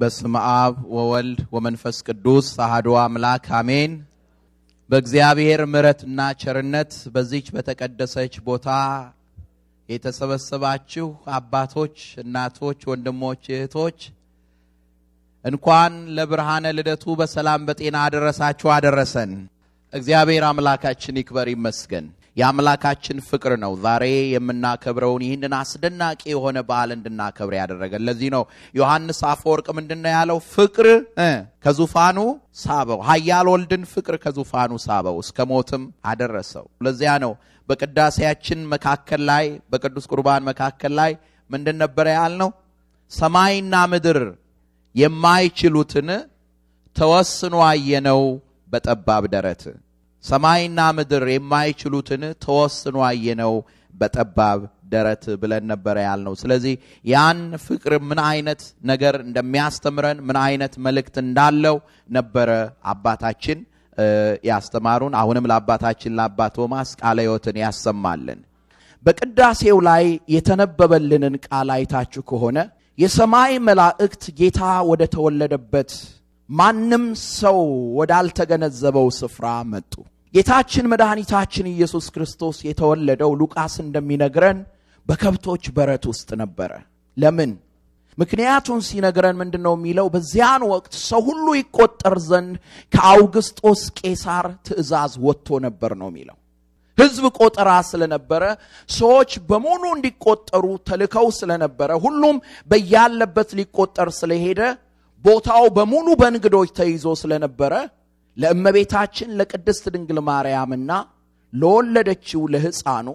በስመ አብ ወወልድ ወመንፈስ ቅዱስ አሐዱ አምላክ አሜን። በእግዚአብሔር ምሕረትና ቸርነት በዚች በተቀደሰች ቦታ የተሰበሰባችሁ አባቶች፣ እናቶች፣ ወንድሞች፣ እህቶች እንኳን ለብርሃነ ልደቱ በሰላም በጤና አደረሳችሁ አደረሰን። እግዚአብሔር አምላካችን ይክበር ይመስገን። የአምላካችን ፍቅር ነው ዛሬ የምናከብረውን ይህንን አስደናቂ የሆነ በዓል እንድናከብር ያደረገ ለዚህ ነው ዮሐንስ አፈወርቅ ምንድን ነው ያለው? ፍቅር ከዙፋኑ ሳበው፣ ኃያል ወልድን ፍቅር ከዙፋኑ ሳበው፣ እስከ ሞትም አደረሰው። ለዚያ ነው በቅዳሴያችን መካከል ላይ በቅዱስ ቁርባን መካከል ላይ ምንድን ነበረ ያልነው? ሰማይና ምድር የማይችሉትን ተወስኖ አየነው በጠባብ ደረት ሰማይና ምድር የማይችሉትን ተወስኖ አየነው በጠባብ ደረት ብለን ነበረ ያልነው። ስለዚህ ያን ፍቅር ምን አይነት ነገር እንደሚያስተምረን ምን አይነት መልእክት እንዳለው ነበረ አባታችን ያስተማሩን። አሁንም ለአባታችን ለአባ ቶማስ ቃለ ሕይወትን ያሰማልን። በቅዳሴው ላይ የተነበበልንን ቃል አይታችሁ ከሆነ የሰማይ መላእክት ጌታ ወደ ተወለደበት ማንም ሰው ወዳልተገነዘበው ስፍራ መጡ። ጌታችን መድኃኒታችን ኢየሱስ ክርስቶስ የተወለደው ሉቃስ እንደሚነግረን በከብቶች በረት ውስጥ ነበረ። ለምን? ምክንያቱን ሲነግረን ምንድን ነው የሚለው? በዚያን ወቅት ሰው ሁሉ ይቆጠር ዘንድ ከአውግስጦስ ቄሳር ትእዛዝ ወጥቶ ነበር ነው የሚለው። ህዝብ ቆጠራ ስለነበረ ሰዎች በሙሉ እንዲቆጠሩ ተልከው ስለነበረ ሁሉም በያለበት ሊቆጠር ስለሄደ ቦታው በሙሉ በእንግዶች ተይዞ ስለነበረ ለእመቤታችን ለቅድስት ድንግል ማርያምና ለወለደችው ለሕፃኑ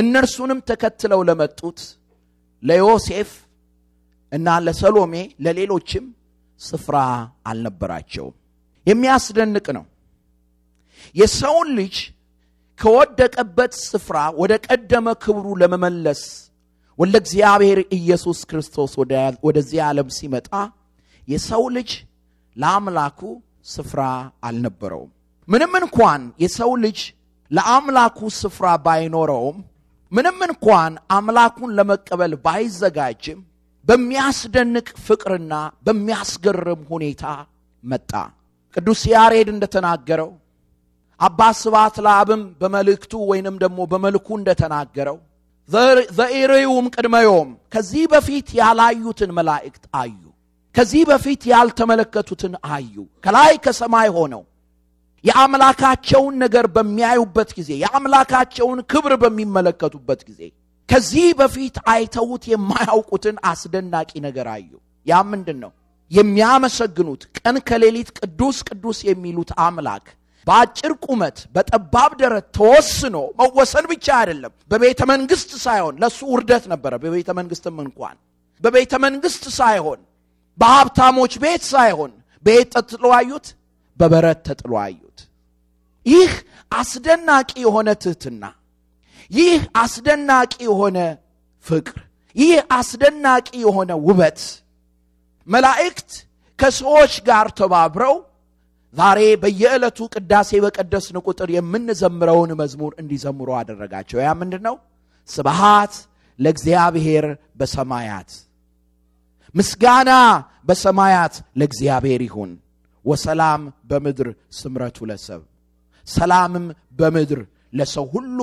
እነርሱንም ተከትለው ለመጡት ለዮሴፍ እና ለሰሎሜ ለሌሎችም ስፍራ አልነበራቸውም። የሚያስደንቅ ነው። የሰውን ልጅ ከወደቀበት ስፍራ ወደ ቀደመ ክብሩ ለመመለስ ወለ እግዚአብሔር ኢየሱስ ክርስቶስ ወደዚህ ዓለም ሲመጣ የሰው ልጅ ለአምላኩ ስፍራ አልነበረውም። ምንም እንኳን የሰው ልጅ ለአምላኩ ስፍራ ባይኖረውም፣ ምንም እንኳን አምላኩን ለመቀበል ባይዘጋጅም፣ በሚያስደንቅ ፍቅርና በሚያስገርም ሁኔታ መጣ። ቅዱስ ያሬድ እንደተናገረው አባ ስብሐት ለአብም በመልእክቱ ወይንም ደግሞ በመልኩ እንደተናገረው ዘኤሬውም ቅድመዮም ከዚህ በፊት ያላዩትን መላእክት አዩ። ከዚህ በፊት ያልተመለከቱትን አዩ። ከላይ ከሰማይ ሆነው የአምላካቸውን ነገር በሚያዩበት ጊዜ የአምላካቸውን ክብር በሚመለከቱበት ጊዜ ከዚህ በፊት አይተውት የማያውቁትን አስደናቂ ነገር አዩ። ያ ምንድን ነው? የሚያመሰግኑት ቀን ከሌሊት ቅዱስ ቅዱስ የሚሉት አምላክ በአጭር ቁመት በጠባብ ደረት ተወስኖ መወሰን ብቻ አይደለም። በቤተ መንግሥት ሳይሆን ለእሱ ውርደት ነበረ። በቤተ መንግሥትም እንኳን በቤተ መንግሥት ሳይሆን በሀብታሞች ቤት ሳይሆን በየት ተጥሎ አዩት? በበረት ተጥሎ አዩት። ይህ አስደናቂ የሆነ ትህትና፣ ይህ አስደናቂ የሆነ ፍቅር፣ ይህ አስደናቂ የሆነ ውበት መላእክት ከሰዎች ጋር ተባብረው ዛሬ በየዕለቱ ቅዳሴ በቀደስን ቁጥር የምንዘምረውን መዝሙር እንዲዘምሩ አደረጋቸው። ያ ምንድን ነው? ስብሃት ለእግዚአብሔር በሰማያት ምስጋና በሰማያት ለእግዚአብሔር ይሁን ወሰላም በምድር ስምረቱ ለሰብ ሰላምም በምድር ለሰው ሁሉ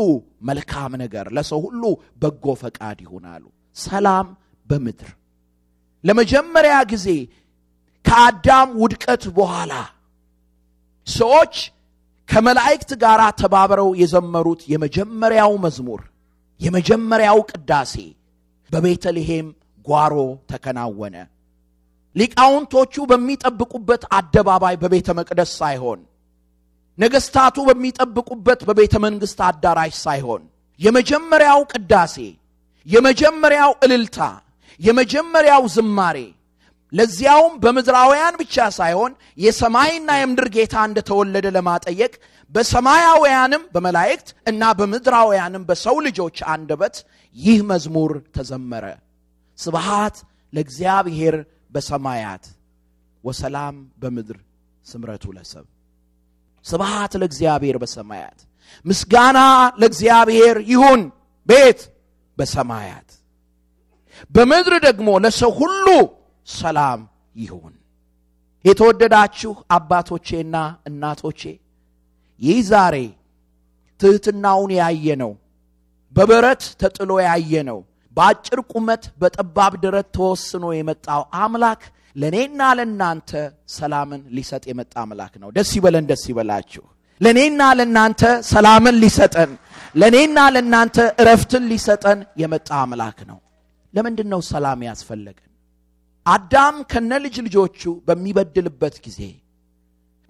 መልካም ነገር ለሰው ሁሉ በጎ ፈቃድ ይሆናሉ ሰላም በምድር ለመጀመሪያ ጊዜ ከአዳም ውድቀት በኋላ ሰዎች ከመላእክት ጋር ተባብረው የዘመሩት የመጀመሪያው መዝሙር የመጀመሪያው ቅዳሴ በቤተልሔም ጓሮ ተከናወነ። ሊቃውንቶቹ በሚጠብቁበት አደባባይ በቤተ መቅደስ ሳይሆን ነገስታቱ በሚጠብቁበት በቤተ መንግሥት አዳራሽ ሳይሆን የመጀመሪያው ቅዳሴ፣ የመጀመሪያው እልልታ፣ የመጀመሪያው ዝማሬ ለዚያውም በምድራውያን ብቻ ሳይሆን የሰማይና የምድር ጌታ እንደተወለደ ለማጠየቅ በሰማያውያንም በመላእክት እና በምድራውያንም በሰው ልጆች አንደበት ይህ መዝሙር ተዘመረ። ስብሃት ለእግዚአብሔር በሰማያት ወሰላም በምድር ስምረቱ ለሰብ ስብሃት ለእግዚአብሔር በሰማያት ምስጋና ለእግዚአብሔር ይሁን ቤት በሰማያት በምድር ደግሞ ለሰው ሁሉ ሰላም ይሁን የተወደዳችሁ አባቶቼና እናቶቼ ይህ ዛሬ ትሕትናውን ያየ ነው በበረት ተጥሎ ያየ ነው በአጭር ቁመት በጠባብ ደረት ተወስኖ የመጣው አምላክ ለእኔና ለእናንተ ሰላምን ሊሰጥ የመጣ አምላክ ነው። ደስ ይበለን፣ ደስ ይበላችሁ። ለእኔና ለእናንተ ሰላምን ሊሰጠን፣ ለእኔና ለእናንተ እረፍትን ሊሰጠን የመጣ አምላክ ነው። ለምንድን ነው ሰላም ያስፈለገን? አዳም ከነ ልጅ ልጆቹ በሚበድልበት ጊዜ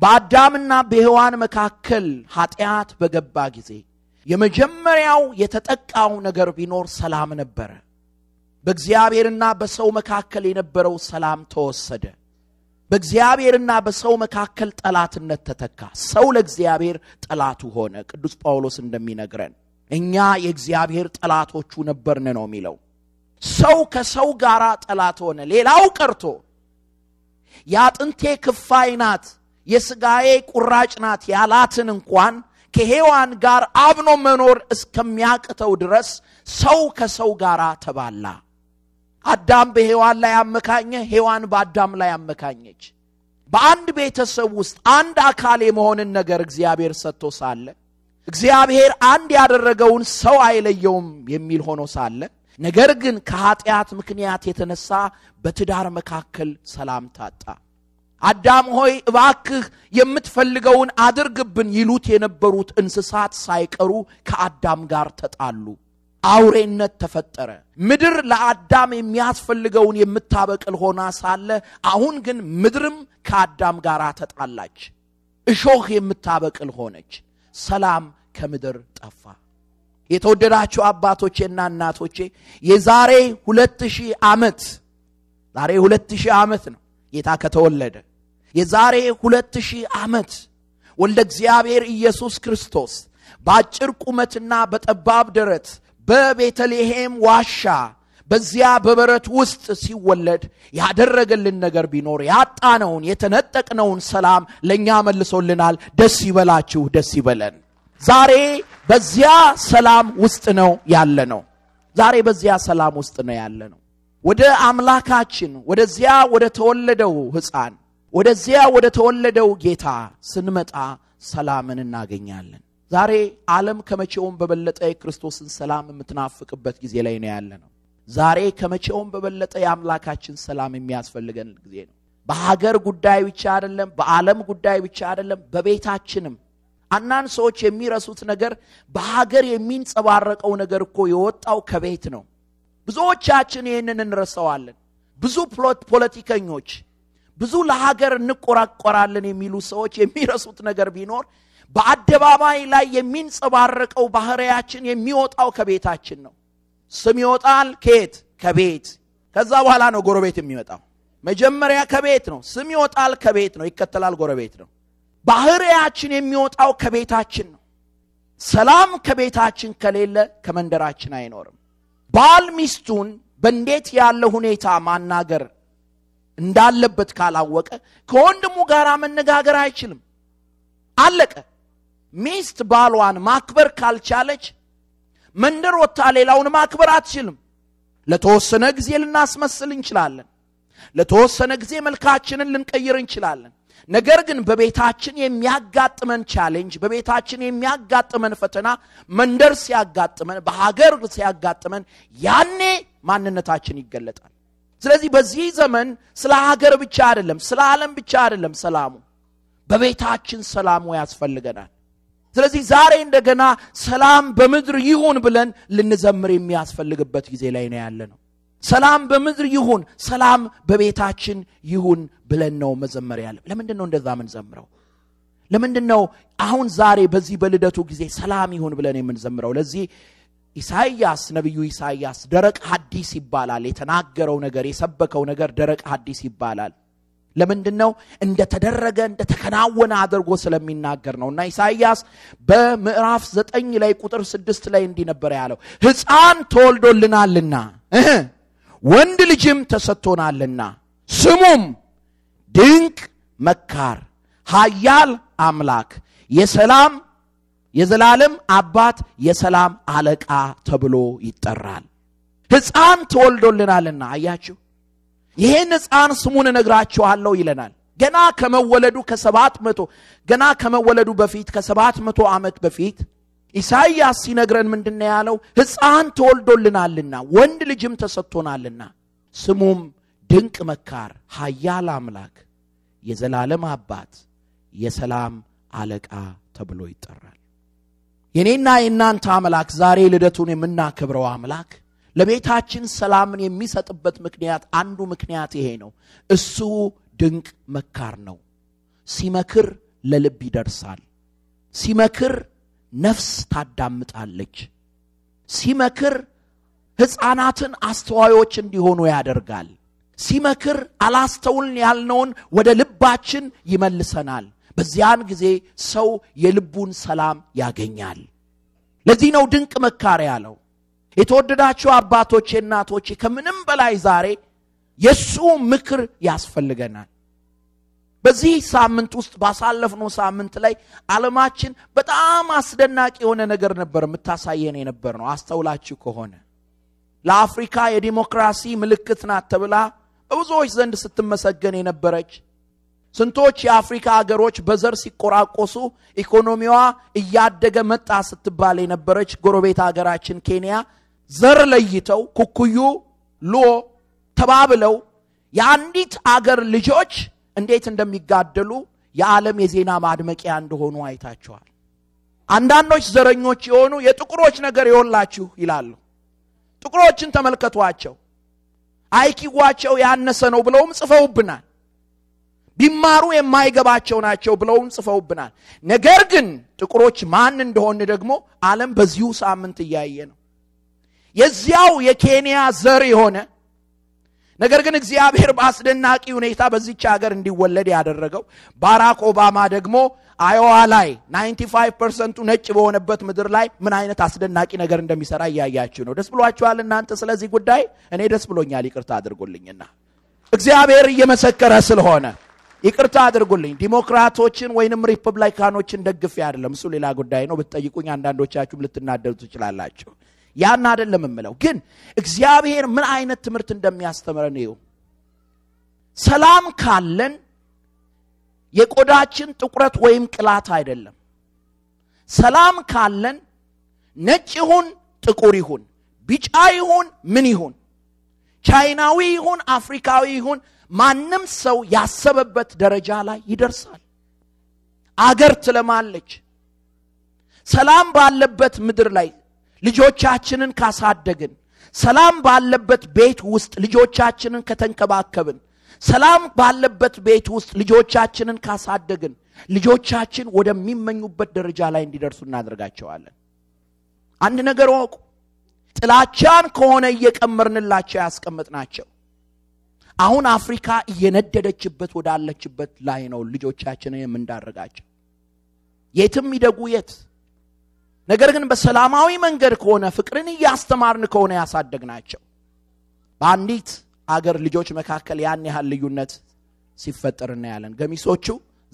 በአዳምና በሔዋን መካከል ኃጢአት በገባ ጊዜ የመጀመሪያው የተጠቃው ነገር ቢኖር ሰላም ነበረ። በእግዚአብሔርና በሰው መካከል የነበረው ሰላም ተወሰደ። በእግዚአብሔርና በሰው መካከል ጠላትነት ተተካ። ሰው ለእግዚአብሔር ጠላቱ ሆነ። ቅዱስ ጳውሎስ እንደሚነግረን እኛ የእግዚአብሔር ጠላቶቹ ነበርን ነው የሚለው። ሰው ከሰው ጋር ጠላት ሆነ። ሌላው ቀርቶ የአጥንቴ ክፋይ ናት የሥጋዬ ቁራጭ ናት ያላትን እንኳን ከሔዋን ጋር አብኖ መኖር እስከሚያቅተው ድረስ ሰው ከሰው ጋር ተባላ። አዳም በሔዋን ላይ አመካኘ፣ ሔዋን በአዳም ላይ አመካኘች። በአንድ ቤተሰብ ውስጥ አንድ አካል የመሆንን ነገር እግዚአብሔር ሰጥቶ ሳለ እግዚአብሔር አንድ ያደረገውን ሰው አይለየውም የሚል ሆኖ ሳለ ነገር ግን ከኃጢአት ምክንያት የተነሳ በትዳር መካከል ሰላም ታጣ። አዳም ሆይ እባክህ የምትፈልገውን አድርግብን ይሉት የነበሩት እንስሳት ሳይቀሩ ከአዳም ጋር ተጣሉ። አውሬነት ተፈጠረ። ምድር ለአዳም የሚያስፈልገውን የምታበቅል ሆና ሳለ አሁን ግን ምድርም ከአዳም ጋር ተጣላች። እሾህ የምታበቅል ሆነች። ሰላም ከምድር ጠፋ። የተወደዳችሁ አባቶቼና እናቶቼ የዛሬ ሁለት ሺህ ዓመት ዛሬ ሁለት ሺህ ዓመት ነው ጌታ ከተወለደ የዛሬ ሁለት ሺህ ዓመት ወልደ እግዚአብሔር ኢየሱስ ክርስቶስ በአጭር ቁመትና በጠባብ ደረት በቤተልሔም ዋሻ በዚያ በበረት ውስጥ ሲወለድ ያደረገልን ነገር ቢኖር ያጣነውን የተነጠቅነውን ሰላም ለእኛ መልሶልናል። ደስ ይበላችሁ፣ ደስ ይበለን። ዛሬ በዚያ ሰላም ውስጥ ነው ያለ ነው። ዛሬ በዚያ ሰላም ውስጥ ነው ያለ ነው። ወደ አምላካችን ወደዚያ ወደ ተወለደው ሕፃን ወደዚያ ወደ ተወለደው ጌታ ስንመጣ ሰላምን እናገኛለን። ዛሬ ዓለም ከመቼውም በበለጠ የክርስቶስን ሰላም የምትናፍቅበት ጊዜ ላይ ነው ያለ ነው። ዛሬ ከመቼውም በበለጠ የአምላካችን ሰላም የሚያስፈልገን ጊዜ ነው። በሀገር ጉዳይ ብቻ አይደለም፣ በዓለም ጉዳይ ብቻ አይደለም፣ በቤታችንም አንዳንድ ሰዎች የሚረሱት ነገር በሀገር የሚንጸባረቀው ነገር እኮ የወጣው ከቤት ነው። ብዙዎቻችን ይህንን እንረሰዋለን። ብዙ ፖለቲከኞች ብዙ ለሀገር እንቆራቆራለን የሚሉ ሰዎች የሚረሱት ነገር ቢኖር በአደባባይ ላይ የሚንጸባረቀው ባህርያችን የሚወጣው ከቤታችን ነው ስም ይወጣል ከየት ከቤት ከዛ በኋላ ነው ጎረቤት የሚወጣው መጀመሪያ ከቤት ነው ስም ይወጣል ከቤት ነው ይከተላል ጎረቤት ነው ባህርያችን የሚወጣው ከቤታችን ነው ሰላም ከቤታችን ከሌለ ከመንደራችን አይኖርም ባል ሚስቱን በእንዴት ያለ ሁኔታ ማናገር እንዳለበት ካላወቀ ከወንድሙ ጋር መነጋገር አይችልም አለቀ ሚስት ባሏን ማክበር ካልቻለች መንደር ወጥታ ሌላውን ማክበር አትችልም ለተወሰነ ጊዜ ልናስመስል እንችላለን ለተወሰነ ጊዜ መልካችንን ልንቀይር እንችላለን ነገር ግን በቤታችን የሚያጋጥመን ቻሌንጅ በቤታችን የሚያጋጥመን ፈተና መንደር ሲያጋጥመን በሀገር ሲያጋጥመን ያኔ ማንነታችን ይገለጣል ስለዚህ በዚህ ዘመን ስለ ሀገር ብቻ አይደለም ስለ ዓለም ብቻ አይደለም ሰላሙ በቤታችን ሰላሙ ያስፈልገናል ስለዚህ ዛሬ እንደገና ሰላም በምድር ይሁን ብለን ልንዘምር የሚያስፈልግበት ጊዜ ላይ ነው ያለ ነው ሰላም በምድር ይሁን ሰላም በቤታችን ይሁን ብለን ነው መዘመር ያለ ለምንድን ነው እንደዛ ምንዘምረው ለምንድን ነው አሁን ዛሬ በዚህ በልደቱ ጊዜ ሰላም ይሁን ብለን የምንዘምረው ለዚህ ኢሳይያስ ነቢዩ ኢሳይያስ ደረቅ ሐዲስ ይባላል። የተናገረው ነገር የሰበከው ነገር ደረቅ ሐዲስ ይባላል። ለምንድን ነው? እንደተደረገ እንደተከናወነ አድርጎ ስለሚናገር ነው። እና ኢሳይያስ በምዕራፍ ዘጠኝ ላይ ቁጥር ስድስት ላይ እንዲህ ነበር ያለው ሕፃን ተወልዶልናልና ወንድ ልጅም ተሰጥቶናልና ስሙም ድንቅ መካር፣ ኃያል አምላክ፣ የሰላም የዘላለም አባት የሰላም አለቃ ተብሎ ይጠራል። ሕፃን ተወልዶልናልና አያችሁ፣ ይህን ሕፃን ስሙን እነግራችኋለሁ ይለናል። ገና ከመወለዱ ከሰባት መቶ ገና ከመወለዱ በፊት ከሰባት መቶ ዓመት በፊት ኢሳይያስ ሲነግረን ምንድን ያለው? ሕፃን ተወልዶልናልና ወንድ ልጅም ተሰጥቶናልና ስሙም ድንቅ መካር፣ ኃያል አምላክ፣ የዘላለም አባት፣ የሰላም አለቃ ተብሎ ይጠራል። የእኔና የእናንተ አምላክ ዛሬ ልደቱን የምናከብረው አምላክ ለቤታችን ሰላምን የሚሰጥበት ምክንያት አንዱ ምክንያት ይሄ ነው። እሱ ድንቅ መካር ነው። ሲመክር ለልብ ይደርሳል። ሲመክር ነፍስ ታዳምጣለች። ሲመክር ሕፃናትን አስተዋዮች እንዲሆኑ ያደርጋል። ሲመክር አላስተውልን ያልነውን ወደ ልባችን ይመልሰናል። በዚያን ጊዜ ሰው የልቡን ሰላም ያገኛል። ለዚህ ነው ድንቅ መካሪ ያለው። የተወደዳችሁ አባቶች እናቶች ከምንም በላይ ዛሬ የእሱ ምክር ያስፈልገናል። በዚህ ሳምንት ውስጥ ባሳለፍነው ሳምንት ላይ ዓለማችን በጣም አስደናቂ የሆነ ነገር ነበር የምታሳየን የነበር ነው። አስተውላችሁ ከሆነ ለአፍሪካ የዲሞክራሲ ምልክት ናት ተብላ በብዙዎች ዘንድ ስትመሰገን የነበረች ስንቶች የአፍሪካ አገሮች በዘር ሲቆራቆሱ ኢኮኖሚዋ እያደገ መጣ ስትባል የነበረች ጎረቤት ሀገራችን ኬንያ ዘር ለይተው ኩኩዩ፣ ሉዎ ተባብለው የአንዲት አገር ልጆች እንዴት እንደሚጋደሉ የዓለም የዜና ማድመቂያ እንደሆኑ አይታችኋል። አንዳንዶች ዘረኞች የሆኑ የጥቁሮች ነገር የወላችሁ ይላሉ። ጥቁሮችን ተመልከቷቸው አይኪዋቸው ያነሰ ነው ብለውም ጽፈውብናል። ቢማሩ የማይገባቸው ናቸው ብለውን ጽፈውብናል። ነገር ግን ጥቁሮች ማን እንደሆን ደግሞ ዓለም በዚሁ ሳምንት እያየ ነው። የዚያው የኬንያ ዘር የሆነ ነገር ግን እግዚአብሔር በአስደናቂ ሁኔታ በዚች ሀገር እንዲወለድ ያደረገው ባራክ ኦባማ ደግሞ አዮዋ ላይ 95 ፐርሰንቱ ነጭ በሆነበት ምድር ላይ ምን አይነት አስደናቂ ነገር እንደሚሰራ እያያችሁ ነው። ደስ ብሏችኋል እናንተ ስለዚህ ጉዳይ? እኔ ደስ ብሎኛል። ይቅርታ አድርጎልኝና እግዚአብሔር እየመሰከረ ስለሆነ ይቅርታ አድርጉልኝ፣ ዲሞክራቶችን ወይንም ሪፐብሊካኖችን ደግፌ አይደለም። እሱ ሌላ ጉዳይ ነው። ብትጠይቁኝ አንዳንዶቻችሁም ልትናደሩ ትችላላችሁ። ያን አይደለም የምለው፣ ግን እግዚአብሔር ምን አይነት ትምህርት እንደሚያስተምረን ይው ሰላም ካለን የቆዳችን ጥቁረት ወይም ቅላት አይደለም። ሰላም ካለን ነጭ ይሁን ጥቁር ይሁን ቢጫ ይሁን ምን ይሁን ቻይናዊ ይሁን አፍሪካዊ ይሁን ማንም ሰው ያሰበበት ደረጃ ላይ ይደርሳል አገር ትለማለች ሰላም ባለበት ምድር ላይ ልጆቻችንን ካሳደግን ሰላም ባለበት ቤት ውስጥ ልጆቻችንን ከተንከባከብን ሰላም ባለበት ቤት ውስጥ ልጆቻችንን ካሳደግን ልጆቻችን ወደሚመኙበት ደረጃ ላይ እንዲደርሱ እናደርጋቸዋለን አንድ ነገር ወቁ ጥላቻን ከሆነ እየቀመርንላቸው ያስቀምጥ ናቸው። አሁን አፍሪካ እየነደደችበት ወዳለችበት ላይ ነው ልጆቻችንን የምንዳርጋቸው የትም ይደጉ የት ነገር ግን በሰላማዊ መንገድ ከሆነ ፍቅርን እያስተማርን ከሆነ ያሳደግናቸው በአንዲት አገር ልጆች መካከል ያን ያህል ልዩነት ሲፈጠር እናያለን ገሚሶቹ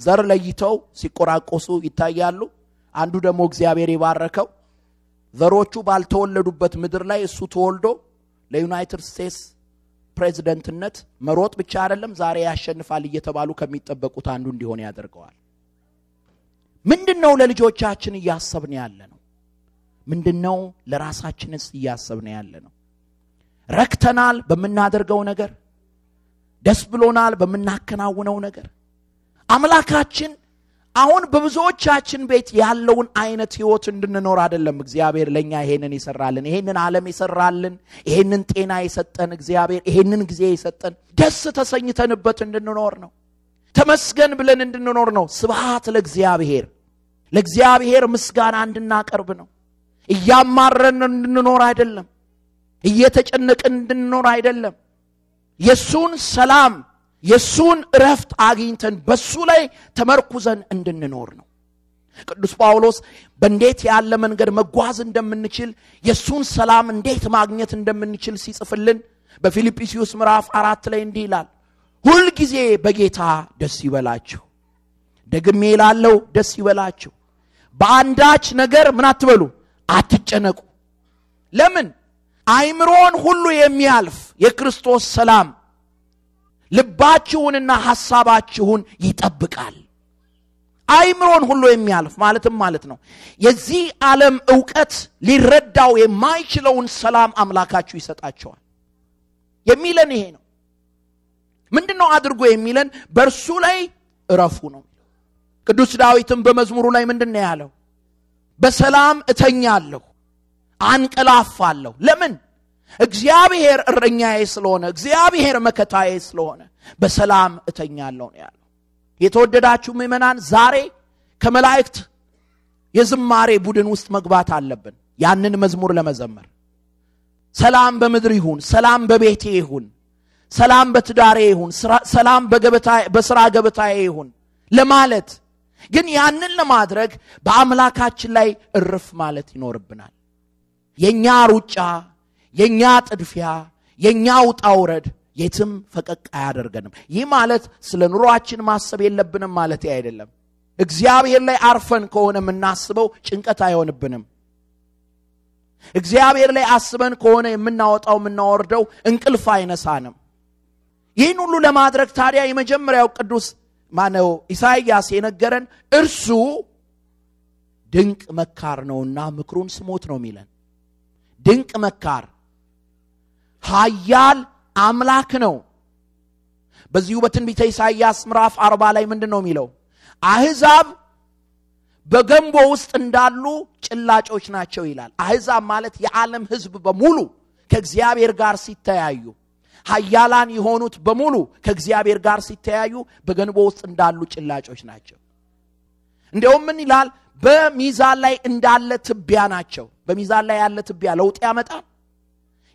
ዘር ለይተው ሲቆራቆሱ ይታያሉ አንዱ ደግሞ እግዚአብሔር የባረከው ዘሮቹ ባልተወለዱበት ምድር ላይ እሱ ተወልዶ ለዩናይትድ ስቴትስ ፕሬዚደንትነት መሮጥ ብቻ አይደለም፣ ዛሬ ያሸንፋል እየተባሉ ከሚጠበቁት አንዱ እንዲሆን ያደርገዋል። ምንድን ነው ለልጆቻችን እያሰብን ያለ ነው? ምንድን ነው ለራሳችንስ እያሰብን ያለ ነው? ረክተናል በምናደርገው ነገር፣ ደስ ብሎናል በምናከናውነው ነገር። አምላካችን አሁን በብዙዎቻችን ቤት ያለውን አይነት ህይወት እንድንኖር አይደለም እግዚአብሔር ለእኛ ይሄንን ይሰራልን ይሄንን ዓለም ይሰራልን ይሄንን ጤና የሰጠን እግዚአብሔር ይሄንን ጊዜ የሰጠን ደስ ተሰኝተንበት እንድንኖር ነው ተመስገን ብለን እንድንኖር ነው ስብሃት ለእግዚአብሔር ለእግዚአብሔር ምስጋና እንድናቀርብ ነው እያማረን እንድንኖር አይደለም እየተጨነቅን እንድንኖር አይደለም የእሱን ሰላም የእሱን እረፍት አግኝተን በሱ ላይ ተመርኩዘን እንድንኖር ነው ቅዱስ ጳውሎስ በእንዴት ያለ መንገድ መጓዝ እንደምንችል የእሱን ሰላም እንዴት ማግኘት እንደምንችል ሲጽፍልን በፊልጵስዩስ ምዕራፍ አራት ላይ እንዲህ ይላል ሁልጊዜ በጌታ ደስ ይበላችሁ ደግሜ ይላለው ደስ ይበላችሁ በአንዳች ነገር ምን አትበሉ አትጨነቁ ለምን አይምሮን ሁሉ የሚያልፍ የክርስቶስ ሰላም ልባችሁንና ሐሳባችሁን ይጠብቃል አይምሮን ሁሉ የሚያልፍ ማለትም ማለት ነው የዚህ ዓለም እውቀት ሊረዳው የማይችለውን ሰላም አምላካችሁ ይሰጣቸዋል የሚለን ይሄ ነው ምንድን ነው አድርጎ የሚለን በእርሱ ላይ እረፉ ነው ቅዱስ ዳዊትም በመዝሙሩ ላይ ምንድን ነው ያለው በሰላም እተኛለሁ አንቀላፋለሁ ለምን እግዚአብሔር እረኛዬ ስለሆነ እግዚአብሔር መከታዬ ስለሆነ በሰላም እተኛለሁ ነው ያለው የተወደዳችሁ ምእመናን ዛሬ ከመላእክት የዝማሬ ቡድን ውስጥ መግባት አለብን ያንን መዝሙር ለመዘመር ሰላም በምድር ይሁን ሰላም በቤቴ ይሁን ሰላም በትዳሬ ይሁን ሰላም በስራ ገበታዬ ይሁን ለማለት ግን ያንን ለማድረግ በአምላካችን ላይ እርፍ ማለት ይኖርብናል የእኛ ሩጫ የእኛ ጥድፊያ፣ የእኛ ውጣ ውረድ የትም ፈቀቅ አያደርገንም። ይህ ማለት ስለ ኑሯችን ማሰብ የለብንም ማለት አይደለም። እግዚአብሔር ላይ አርፈን ከሆነ የምናስበው ጭንቀት አይሆንብንም። እግዚአብሔር ላይ አስበን ከሆነ የምናወጣው የምናወርደው እንቅልፍ አይነሳንም። ይህን ሁሉ ለማድረግ ታዲያ የመጀመሪያው ቅዱስ ማነው ኢሳይያስ የነገረን እርሱ ድንቅ መካር ነውና ምክሩን ስሞት ነው የሚለን ድንቅ መካር ሀያል አምላክ ነው በዚሁ በትንቢተ ኢሳይያስ ምዕራፍ አርባ ላይ ምንድን ነው የሚለው አህዛብ በገንቦ ውስጥ እንዳሉ ጭላጮች ናቸው ይላል አህዛብ ማለት የዓለም ህዝብ በሙሉ ከእግዚአብሔር ጋር ሲተያዩ ሀያላን የሆኑት በሙሉ ከእግዚአብሔር ጋር ሲተያዩ በገንቦ ውስጥ እንዳሉ ጭላጮች ናቸው እንዲያውም ምን ይላል በሚዛን ላይ እንዳለ ትቢያ ናቸው በሚዛን ላይ ያለ ትቢያ ለውጥ ያመጣል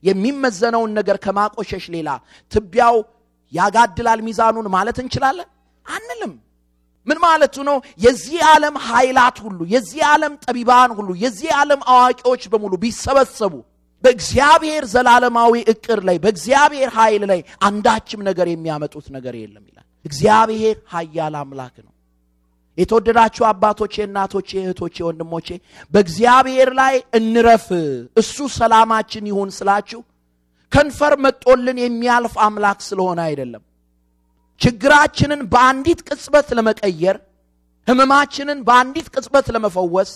የሚመዘነውን ነገር ከማቆሸሽ ሌላ ትቢያው ያጋድላል ሚዛኑን ማለት እንችላለን አንልም። ምን ማለቱ ነው? የዚህ ዓለም ኃይላት ሁሉ የዚህ ዓለም ጠቢባን ሁሉ የዚህ ዓለም አዋቂዎች በሙሉ ቢሰበሰቡ በእግዚአብሔር ዘላለማዊ እቅር ላይ በእግዚአብሔር ኃይል ላይ አንዳችም ነገር የሚያመጡት ነገር የለም ይላል። እግዚአብሔር ሀያል አምላክ ነው። የተወደዳችሁ አባቶቼ፣ እናቶቼ፣ እህቶቼ፣ ወንድሞቼ በእግዚአብሔር ላይ እንረፍ፣ እሱ ሰላማችን ይሁን ስላችሁ ከንፈር መጦልን የሚያልፍ አምላክ ስለሆነ አይደለም። ችግራችንን በአንዲት ቅጽበት ለመቀየር፣ ህመማችንን በአንዲት ቅጽበት ለመፈወስ፣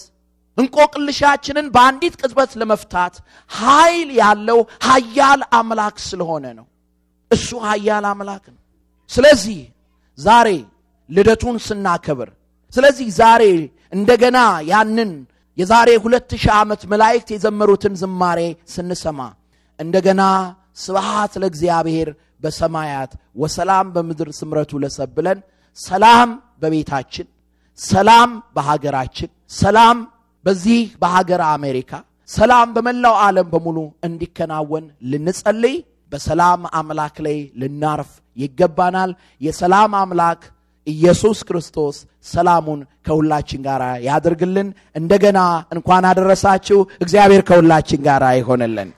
እንቆቅልሻችንን በአንዲት ቅጽበት ለመፍታት ኃይል ያለው ኃያል አምላክ ስለሆነ ነው። እሱ ኃያል አምላክ ነው። ስለዚህ ዛሬ ልደቱን ስናከብር ስለዚህ ዛሬ እንደገና ያንን የዛሬ ሁለት ሺህ ዓመት መላእክት የዘመሩትን ዝማሬ ስንሰማ እንደገና ስብሃት ለእግዚአብሔር በሰማያት ወሰላም በምድር ስምረቱ ለሰብ ብለን ሰላም በቤታችን፣ ሰላም በሀገራችን፣ ሰላም በዚህ በሀገር አሜሪካ፣ ሰላም በመላው ዓለም በሙሉ እንዲከናወን ልንጸልይ በሰላም አምላክ ላይ ልናርፍ ይገባናል። የሰላም አምላክ ኢየሱስ ክርስቶስ ሰላሙን ከሁላችን ጋር ያድርግልን። እንደገና እንኳን አደረሳችሁ። እግዚአብሔር ከሁላችን ጋር ይሆንልን።